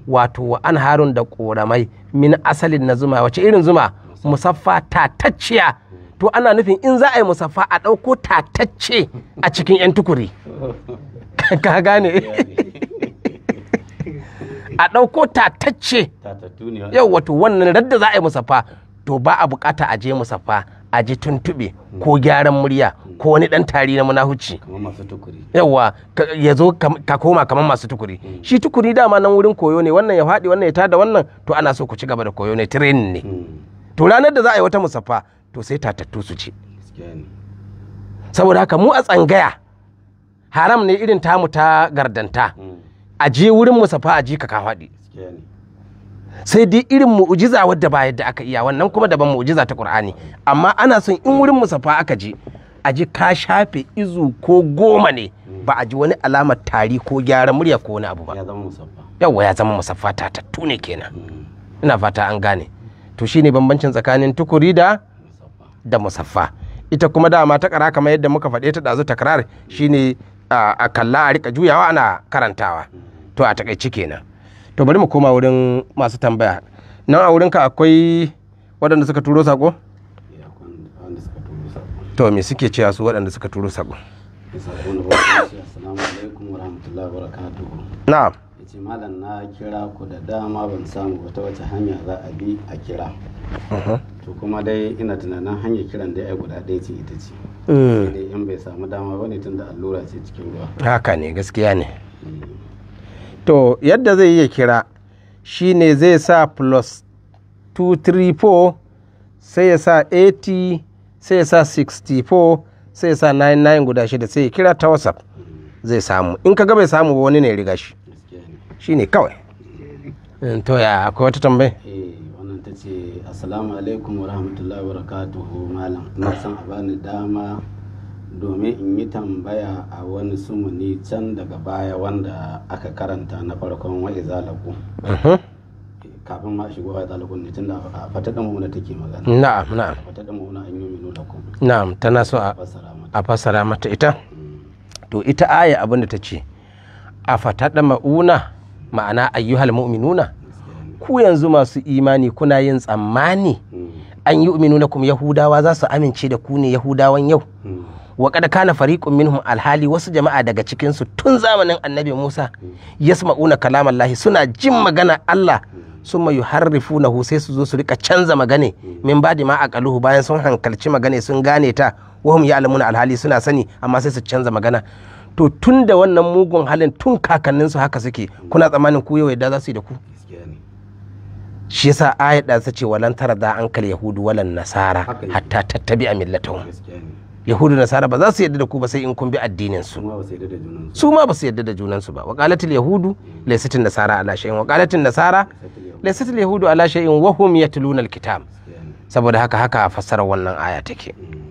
wato wa an harun da ƙoramai min asalin na zuma wace irin zuma musaffa tatacciya to ana nufin in za a yi musaffa a ɗauko tatacce a cikin 'yan tukuri ka gane a ɗauko tatacce yau wato wannan radda za a yi musaffa to ba a bukata a je musaffa a ji tuntuɓe ko gyaran murya ko wani ɗan tari na munahuci yawa ya zo ka koma kamar masu tukuri hmm. shi tukuri dama nan wurin koyo ne wannan ya faɗi wannan ya tada wannan to ana so ku ci gaba da koyo ne training ne hmm. to ranar da za a yi wata musaffa to sai tatattu su ce. saboda haka mu a tsangaya haram ne irin tamu ta gardanta mm. a je wurin musafa a ji ka haɗi sai dai irin mu'ujiza wadda ba yadda aka iya wannan kuma daban mu'ujiza ta qur'ani amma ana son in wurin musafa aka je a ji ka shafe izu ko goma ne ba a ji wani alamar tari ko gyara murya ko wani abu ba Yau ya zama musaffa ta tattu ne kenan mm. ina fata an gane to shine bambancin tsakanin tukuri da da musaffa ita kuma dama ta kara kamar yadda muka faɗe ta ɗazu takrar shine a kalla a rika juyawa ana karantawa to a takaici kenan to bari mu koma wurin masu tambaya nan a wurinka akwai waɗanda suka turo sako to me suke cewa su waɗanda suka turo sako na'am yace malam na kira ku da dama ban samu wata wata hanya za a bi a kira to kuma dai ina tunanin hanyar kiran da yi guda ɗaya ce ita ce mm. in bai samu dama ba ne tunda allura ce cikin ruwa haka ne gaskiya ne mm. to yadda zai iya kira shine zai sa plus 234 sai ya sa 80 sai ya sa 64 sai ya sa 99 guda shida sai ya kira ta whatsapp mm. zai samu in ka ga bai samu wani ne riga shi shine kawai to ya akwai wata tambaya assalamu alaikum warahmatullahi wabarakatuhu malam na san a bani dama domin in yi tambaya a wani sumuni can daga baya wanda aka karanta na farkon wa'i zalaku kafin ma shigo wa'i zalaku ne tun da a da ma'una take magana na'am na'am da ma'una an yi minu lakum na'am tana so a fasara mata ita mm. to ita aya abin da ta ce a da ma'una ma'ana ayyuhal mu'minuna ku yanzu masu imani kuna yin tsammani hmm. an yi uminu na kuma yahudawa za su amince da ku ne yahudawan yau hmm. wa kada kana fariqun minhum alhali wasu jama'a daga cikin su tun zamanin annabi Musa hmm. yasma'una kalamallahi suna jin magana Allah summa yuharrifunahu sai su zo su rika canza magane min badi ma aqaluhu bayan sun hankalci magane sun gane ta wahum ya'lamuna alhali suna sani amma sai su canza magana to tun da wannan mugun halin tun kakanninsu haka suke kuna tsammanin ku yau yadda za su yi da ku shi yasa ayat da ce walan tarda ankal yahudu walan nasara hatta tattabi millatahum yahudu nasara ba za su yadda da ku ba sai in kun bi addinin su su ma ba su yadda da junan su ba waqalatul yahudu laysatul nasara ala shay'in waqalatul nasara laysatul yahudu ala shay'in wa hum yatluna alkitab saboda haka haka fassara wannan aya take mm.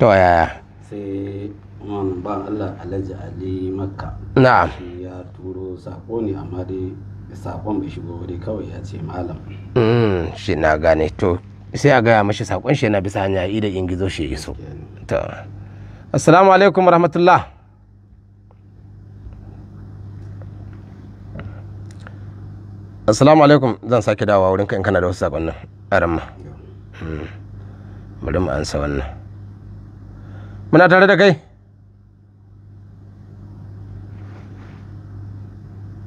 to ya sai wannan ba Allah alaji ali makka na'am ya turo sako ne amma dai sakon bai shigo wuri kawai ya ce malam mm, shi na gane to sai a gaya mashi sakon shi na bisa hanya ida in gizo shi iso to assalamu alaikum rahmatullah assalamu alaikum zan sake dawowa wurin ka in kana da wasu sakonnin aramma mm. bari mu ansa wannan muna tare da kai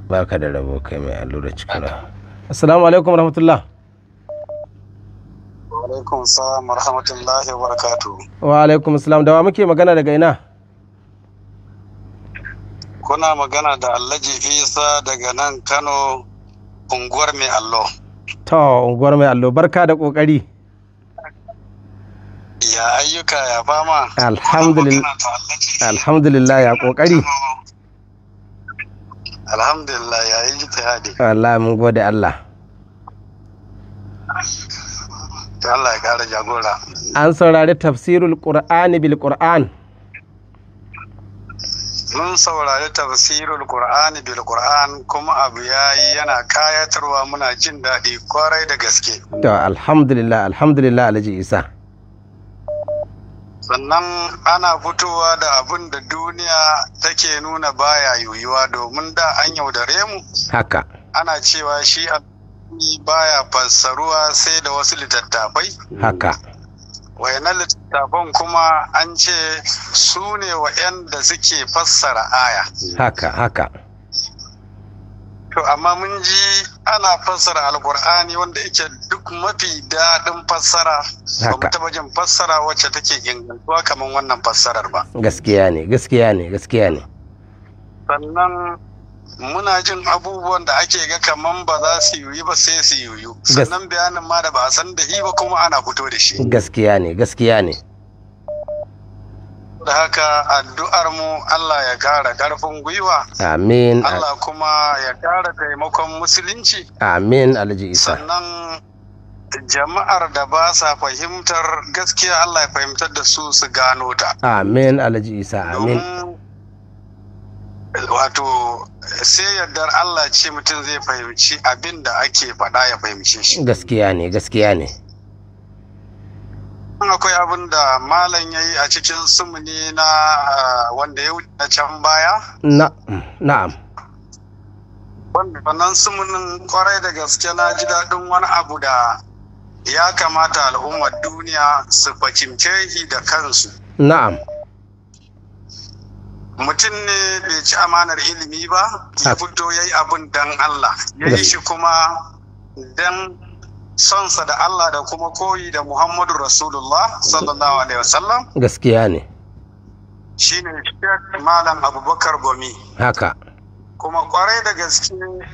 ba ka da rabo kai mai allura cikura assalamu alaikum rahmatullah wa alaikum salam rahmatullahi wa barakatu wa alaikum salam dawa muke magana daga ina kuna magana da alhaji isa daga nan kano unguwar mai allo Ta unguwar mai allo barka da kokari ya ayyuka ya fama alhamdulillah ya kokari alhamdulillah ya yi jitihadi Allah mun gode Allah Allah ya kara jagora an saurari tafsirul qur'ani bil qur'an mun saurari tafsirul qur'ani bil qur'an kuma abu ya yi yana kayatarwa muna jin daɗi kwarai da gaske to alhamdulillah alhamdulillah alhaji isa sannan ana fitowa da abin da duniya take nuna baya yiwuwa domin da an yaudare mu haka ana cewa shi baya fassaruwa sai da wasu littattafai haka wayanan littattafan kuma an ce su ne wa'yanda suke fassara aya haka haka to amma mun ji ana fassara alkur'ani wanda yake duk mafi daɗin fassara ba mu taɓa jin fassara wacce take ingantuwa kamar wannan fassarar ba gaskiya ne gaskiya ne gaskiya ne sannan muna jin abubuwan da ake ga kaman ba za su yiwu ba sai su yiwu sannan bayanin ma da ba a san da ba kuma ana fito da shi gaskiya ne gaskiya ne da haka addu'ar mu Allah ya kara karfin gwiwa amin Allah kuma ya kara taimakon musulunci amin alhaji isa sannan jama'ar da ba sa fahimtar gaskiya Allah ya fahimtar da su su gano ta amin alhaji isa amin wato sai yardar Allah ce mutum zai fahimci abin da ake faɗa ya fahimce shi gaskiya ne gaskiya ne akwai abin da malam ya yi a cikin sumuni na ah, wanda ya wuce can baya? Na'am. Wannan sumunin kwarai da gaske na ji daɗin wani abu da ya kamata al'ummar duniya su fahimce shi da kansu. Na'am. Mutum ne bai ci amanar ilimi ba, ya fito ya yi abin dan Allah, ya yi shi kuma dan sonsa da Allah da kuma koyi da Muhammadu Rasulullah sallallahu alaihi wasallam gaskiya ne shine Malam Abubakar Gomi haka kuma kwarai da gaske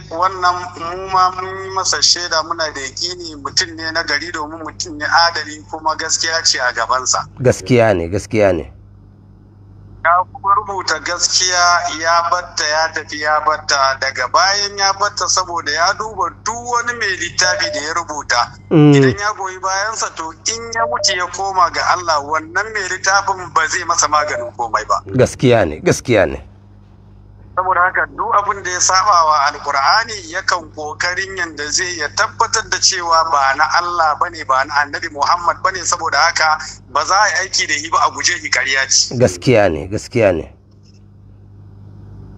wannan mu ma mun yi masa shaida muna da yakini mutum ne na gari domin mutum ne adali kuma gaskiya ce a gabansa gaskiya ne gaskiya ne ya kuma rubuta gaskiya ya batta ya tafi ya batta daga bayan ya batta saboda ya duba duk wani mai littafi da ya rubuta mm. idan ya goyi bayansa to in ya wuce ya koma ga Allah wannan mai littafin ba zai masa maganin komai ba gaskiya ne gaskiya ne saboda haka duk abin da ya saba wa alkur'ani yakan kokarin yanda zai ya tabbatar da cewa ba na Allah bane ba na annabi Muhammad bane saboda haka ba za a yi aiki da shi ba a guje shi ƙarya ce gaskiya ne gaskiya ne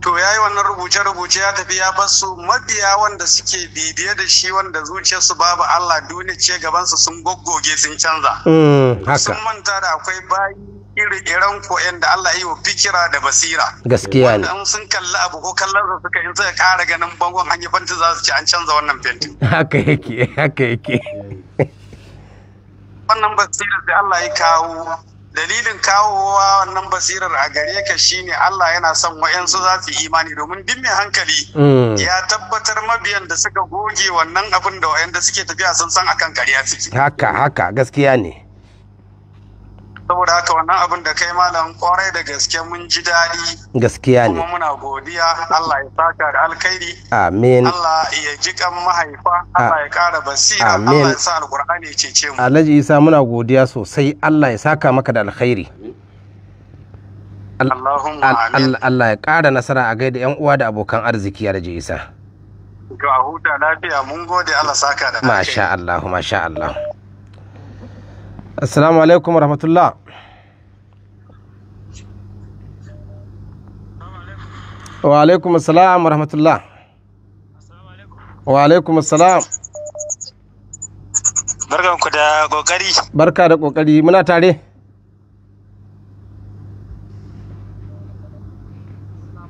to ya yi wannan rubuce-rubuce ya tafi ya bar su mabiya wanda suke bibiye da shi wanda zuciyarsu babu Allah duniya ce gabansu sun goggoge sun canza. Mm, sun manta da akwai bayi iri iran ko da Allah yi wa fikira da basira. Gaskiya ne. Wanda sun kalli abu ko kallon suka in sai kara ganin bangon an yi za su ce an canza wannan fenti. Haka yake, haka yake. Wannan basira da Allah ya kawo dalilin kawowa wannan basirar a gare ka shine Allah yana son wa'yansu za su imani domin duk mai hankali mm. ya tabbatar mabiyan da suka goge wannan abin da wa'yanda suke tafiya sun san akan kariya suke haka haka gaskiya ne saboda haka wannan abin da kai malam kwarai da gaske mun ji daɗi gaskiya ne kuma muna godiya Allah ya saka da alkhairi amin Allah ya ji kan mahaifa Allah ya ƙara basira Allah ya sa alqur'ani ya cece mu Alhaji Isa muna godiya sosai Allah ya saka maka da alkhairi Allah ya ƙara nasara a gaida 'yan uwa da abokan arziki Alhaji Isa. Ga huta lafiya mun gode Allah saka da alkhairi. Masha Allah, masha Allah. assalamu alaikum rahmatullah wa alaikum assalam wa rahmatullah wa alaikum assalam barkan ku da kokari barka da kokari muna tare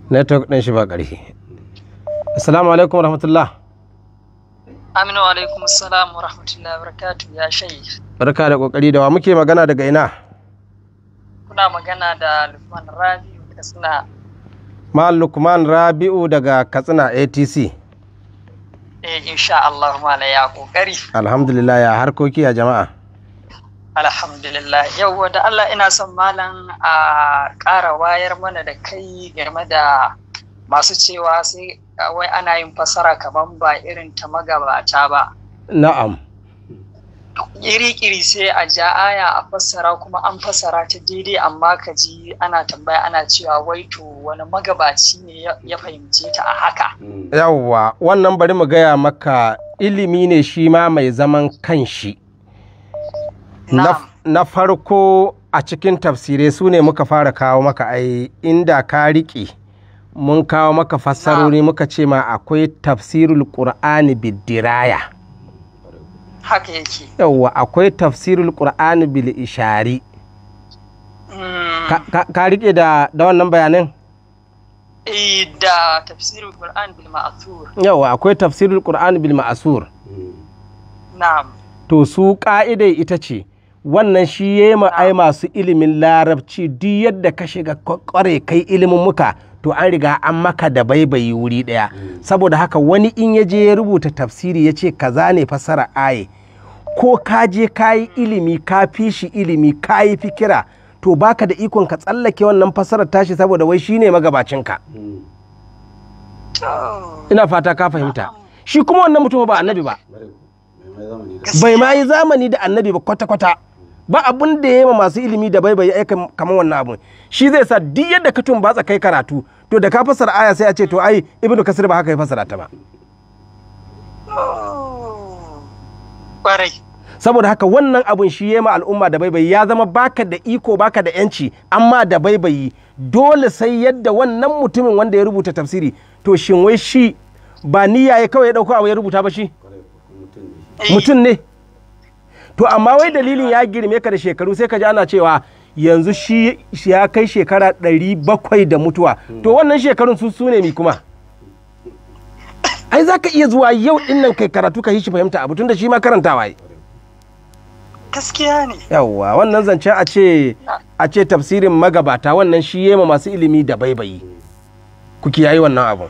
network ɗin shi ba ƙarfi assalamu alaikum wa rahmatullah aminu alaikum assalamu wa rahmatullah Barkatu ya shayi barka da kokari da wa muke magana daga ina kuna magana da lukman rabi'u katsina ma lukman rabi'u daga katsina atc eh insha Allah mala ya kokari alhamdulillah ya harkoki ya jama'a alhamdulillah yau da Allah ina son malam a ƙara wayar mana da kai game da masu cewa sai wai ana yin fasara kamar ba irin ta magabata ba na'am kiri-kiri sai a ja aya a fassara kuma an fassara ta daidai amma ka ji ana tambaya ana cewa wai to wani magabaci ne ya fahimce ta a haka. Mm. Yawwa wannan bari mu gaya maka ilimi ne shi ma mai zaman kanshi. Na farko a cikin tafsirai su ne muka fara kawo maka ai inda ka riƙe mun kawo maka fassarori muka ce ma akwai tafsirul ƙur'ani bidiraya. haka yake yawwa akwai tafsirul qur'ani bil ishari ka hmm. rike da da wannan bayanin eh, da tafsirul qur'an bil ma'asur Yawwa akwai tafsirul qur'an bil ma'asur hmm. na'am to su ka'idai ita ce wannan shi ya ai masu ilimin larabci duk yadda ka shiga kware kai ilimin muka to an riga an maka da baibayi wuri daya. Mm. saboda haka wani in ya je ya rubuta tafsiri ya ce kaza ne fasara aye ko ka je ka yi ilimi ka fi shi ilimi ka yi fikira to baka da ikon ka tsallake wannan fasarar tashi saboda wai shine magabacinka mm. ina fata ka fahimta shi kuma wannan mutum ba annabi ba bai ma yi zamani da annabi ba kwata-kwata ba abun da ya yi masu ilimi da bai aika kamar wannan abun shi zai sa duk yadda ka tumbatsa kai karatu to da ka fasa aya sai a ce to ai ibnu kasir ba haka ya fasara ta ba saboda haka wannan abun shi ya ma al'umma da baibayi ya zama baka da iko baka da yanci amma da baibayi dole sai yadda wannan mutumin wanda ya rubuta tafsiri to shin wai shi ba niyya ya kawai ya dauko abu ya rubuta ba shi mutum ne to amma wai dalilin ya girme ka da shekaru sai ka ji ana cewa yanzu shi ya kai shekara ɗari bakwai da mutuwa to wannan shekarun su su ne mi kuma ai za ka iya zuwa yau ɗin nan kai karatu ka yi shi fahimta abu tun da shi ma karanta waye. gaskiya ne yawwa wannan zancen a ce a ce tafsirin magabata wannan shi yema masu ilimi da baibayi ku kiyaye wannan abu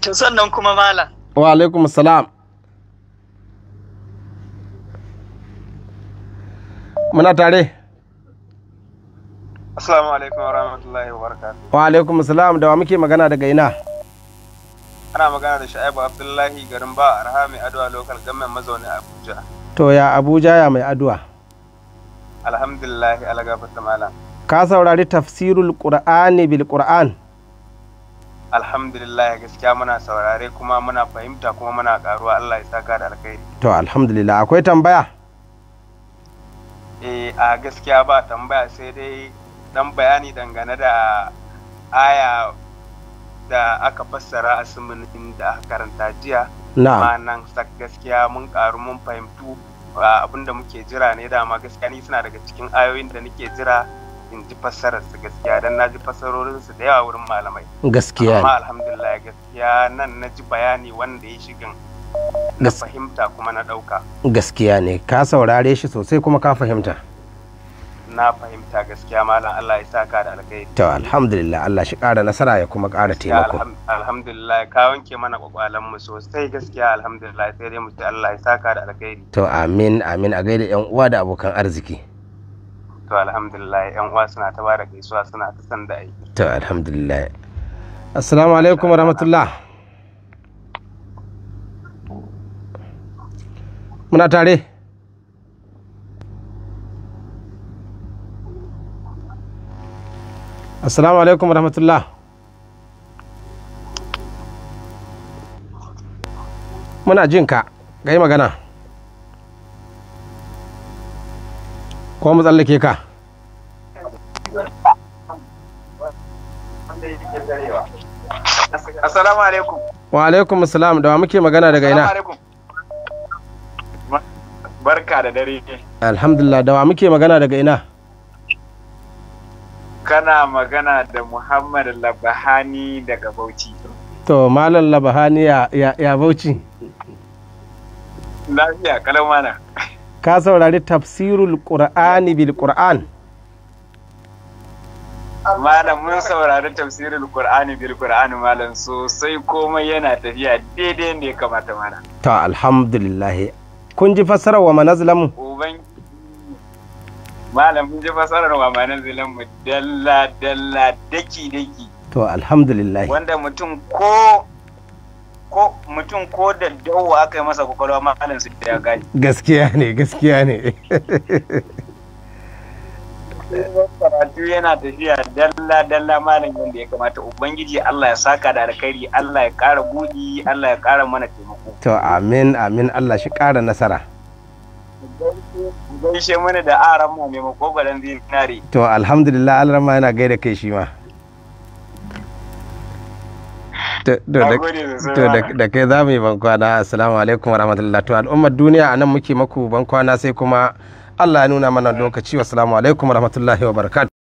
to sannan kuma malam wa alaikum salam muna tare assalamu alaikum wa rahmatullahi wa barakatuh wa alaikum assalam da wa muke magana daga ina ana magana da sha'ibu abdullahi garin ba arha mai adwa lokal gamen mazaunin abuja to ya abuja ya mai adwa alhamdulillah alagafar malam ka saurari tafsirul qur'ani bil qur'an alhamdulillah gaskiya muna saurare kuma muna fahimta kuma muna karuwa allah ya saka da alkhairi to alhamdulillah akwai tambaya eh a gaskiya ba tambaya sai dai dan bayani dangane da aya da aka fassara asimin da aka karanta jiya ma nan gaskiya mun karu mun fahimtu abin da muke jira ne dama gaskiya ni suna daga cikin ayoyin da nake jira in ji fassarar su gaskiya dan na ji fassarorin da yawa wurin malamai gaskiya amma alhamdulillah gaskiya nan na ji bayani wanda ya shigin na fahimta kuma na ɗauka gaskiya ne ka saurare shi sosai kuma ka fahimta na fahimta gaskiya malam Allah ya saka da alkhairi to alhamdulillah Allah shi ƙara nasara ya kuma ƙara taimako alhamdulillah ka wanke mana kwakwalan mu sosai gaskiya alhamdulillah sai dai mu ci Allah ya saka da alkhairi to amin amin a gaida yan uwa da abokan arziki to alhamdulillah yan uwa suna ta bada gaisuwa suna ta sanda aiki to alhamdulillah assalamu alaikum warahmatullahi muna tare assalamu alaikum rahmatullah muna jin ka yi magana ko mu tsallake ka assalamu alaikum wa alaikum assalam da wa muke magana daga ina barka da dare alhamdulillah dawa muke magana daga ina kana magana da muhammad labahani daga bauchi to malam labahani ya, ya, ya bauchi lafiya mana. ka saurari tafsirul qur'ani bil qur'an malam mun saurari tafsirul qur'ani bil qur'an malam sosai komai yana tafiya daidai ne kamata mana. to alhamdulillah kun ji fassarar wa mu? malam kun ji fassarar wa mu dalla dalla daki daki to alhamdulillah wanda mutum ko ko mutum ko da dawo aka yi masa kwakwalwa malam su ya gani gaskiya ne gaskiya ne karatu yana tafiya dalla dalla malam yadda ya kamata ubangiji Allah ya saka da alkhairi Allah ya kara gudi Allah ya kara mana taimako to amin amin Allah shi kara nasara gaishe mana da aran mu mai makogaran zinare to alhamdulillah Allah ma yana gaida kai shi ma to da kai za mu yi bankwana assalamu alaikum warahmatullahi to al'ummar duniya anan muke maku bankwana sai kuma Allah ya nuna mana lokaci wassalamu alaikum warahmatullahi wabarakatuh